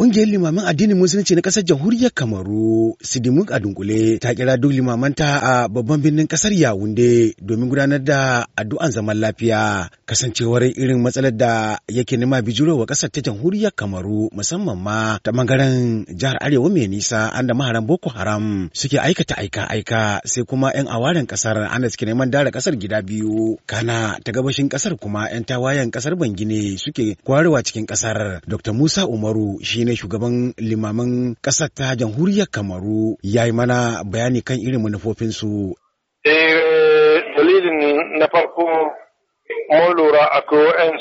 Ƙungiyar limamin addinin musulunci na ƙasar jamhuriyar Kamaru, Sidimuk a dunkule, ta kira duk limamanta a babban birnin ƙasar Yawunde domin gudanar da addu'an zaman lafiya. Kasancewar irin matsalar da yake nema wa ƙasar ta jamhuriyar Kamaru musamman ma ta ɓangaren jihar Arewa mai nisa an da maharan Boko Haram suke aikata aika-aika sai kuma 'yan awaren ƙasar an da suke neman dara ƙasar gida biyu. Kana ta gabashin ƙasar kuma 'yan tawayen ƙasar Bangine suke kwarewa cikin ƙasar. Dr. Musa Umaru shi shine shugaban limaman ƙasar ta jamhuriyar kamaru ya yi mana bayani kan irin manufofinsu. Eh, dalilin na farko mun lura akwai 'yan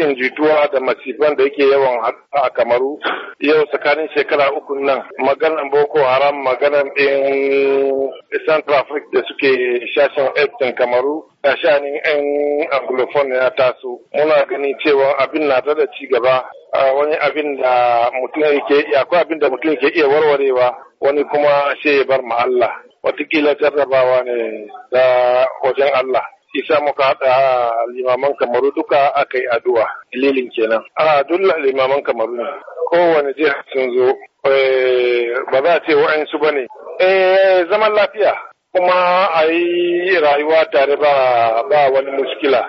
rashin jituwa da masifan da yake yawan a kamaru yau tsakanin shekara uku nan maganan boko haram maganan ɗin central africa da suke shashin estin kamaru a shanin yan anglophone ya taso muna gani cewa abin na da ci gaba wani abin da mutum yake akwai abin da mutum yake iya warwarewa wani kuma sai ya bar ma Allah watakila jarrabawa ne da wajen Allah isa muka haɗa limaman kamaru duka aka yi addu'a dalilin kenan a dulla limaman kamaru ne kowane jiha sun zo eh, ba za a ce wa'ansu ba ne eh, zaman lafiya kuma a yi rayuwa tare ba ba wani muskila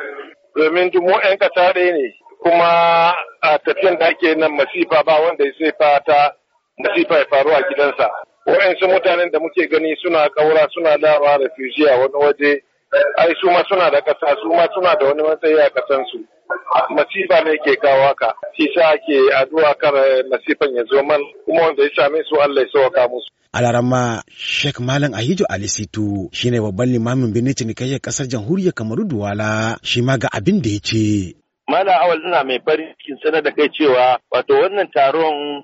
domin duk 'yan ƙasa ɗaya ne kuma a tafiyan da ake nan masifa ba wanda ya sai fata masifa ya faru a gidansa. Wa'yansu mutanen da muke gani suna kaura suna dawa a wani waje ai su ma suna da kasa su ma suna da wani matsayi a kasan su masifa ne ke kawo haka shi sa ake addu'a kan eh, masifan ya zo man kuma wanda ya same su Allah ya sauka musu alarama Sheikh Malam Ahijo Ali Situ shine babban limamin birnin cinikayyar ƙasar jamhuriyar Kamaru Duwala shi ma ga abin da ya ce Malam Awal ina mai farin cikin sanar da kai cewa wato wannan taron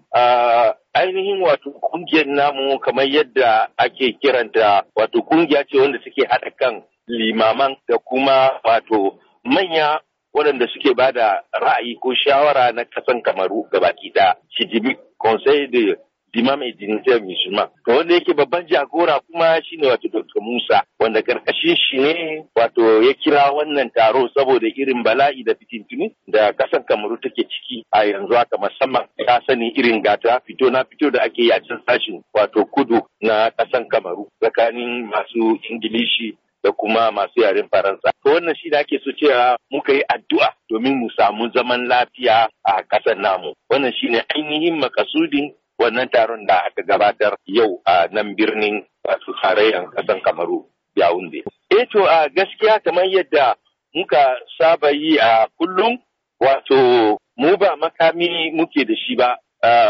ainihin wato kungiyar namu kamar yadda ake kiranta wato kungiya ce wanda suke haɗa kan limaman da kuma wato manya waɗanda suke ba da ra'ayi ko shawara na kasan kamaru gabaki ɗaya shijibi conseil de d'imam et dignitaire musulman to wanda yake babban jagora kuma shine wato dr musa wanda karkashin shi ne wato ya kira wannan taro saboda irin bala'i da fitintini da kasan kamaru take ciki a yanzu haka musamman ta sani irin gata fito na fito da ake yi a can sashin wato kudu na kasan kamaru tsakanin masu ingilishi da kuma masu yaren Faransa. To wannan shi da ake so cewa muka yi addu'a domin mu samu zaman lafiya a ƙasar namu. Wannan shi ne ainihin makasudin wannan taron da aka gabatar yau a nan birnin su tarayyar ƙasar Kamaru Yaounde. E, to a gaskiya kamar yadda muka saba yi a kullum wato mu ba makami muke da shi ba.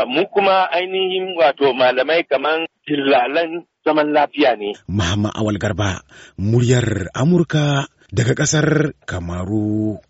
mu kuma ainihin wato malamai kamar dillalan zaman lafiya ne. Mahama Awal Garba, muryar Amurka daga ƙasar Kamaru.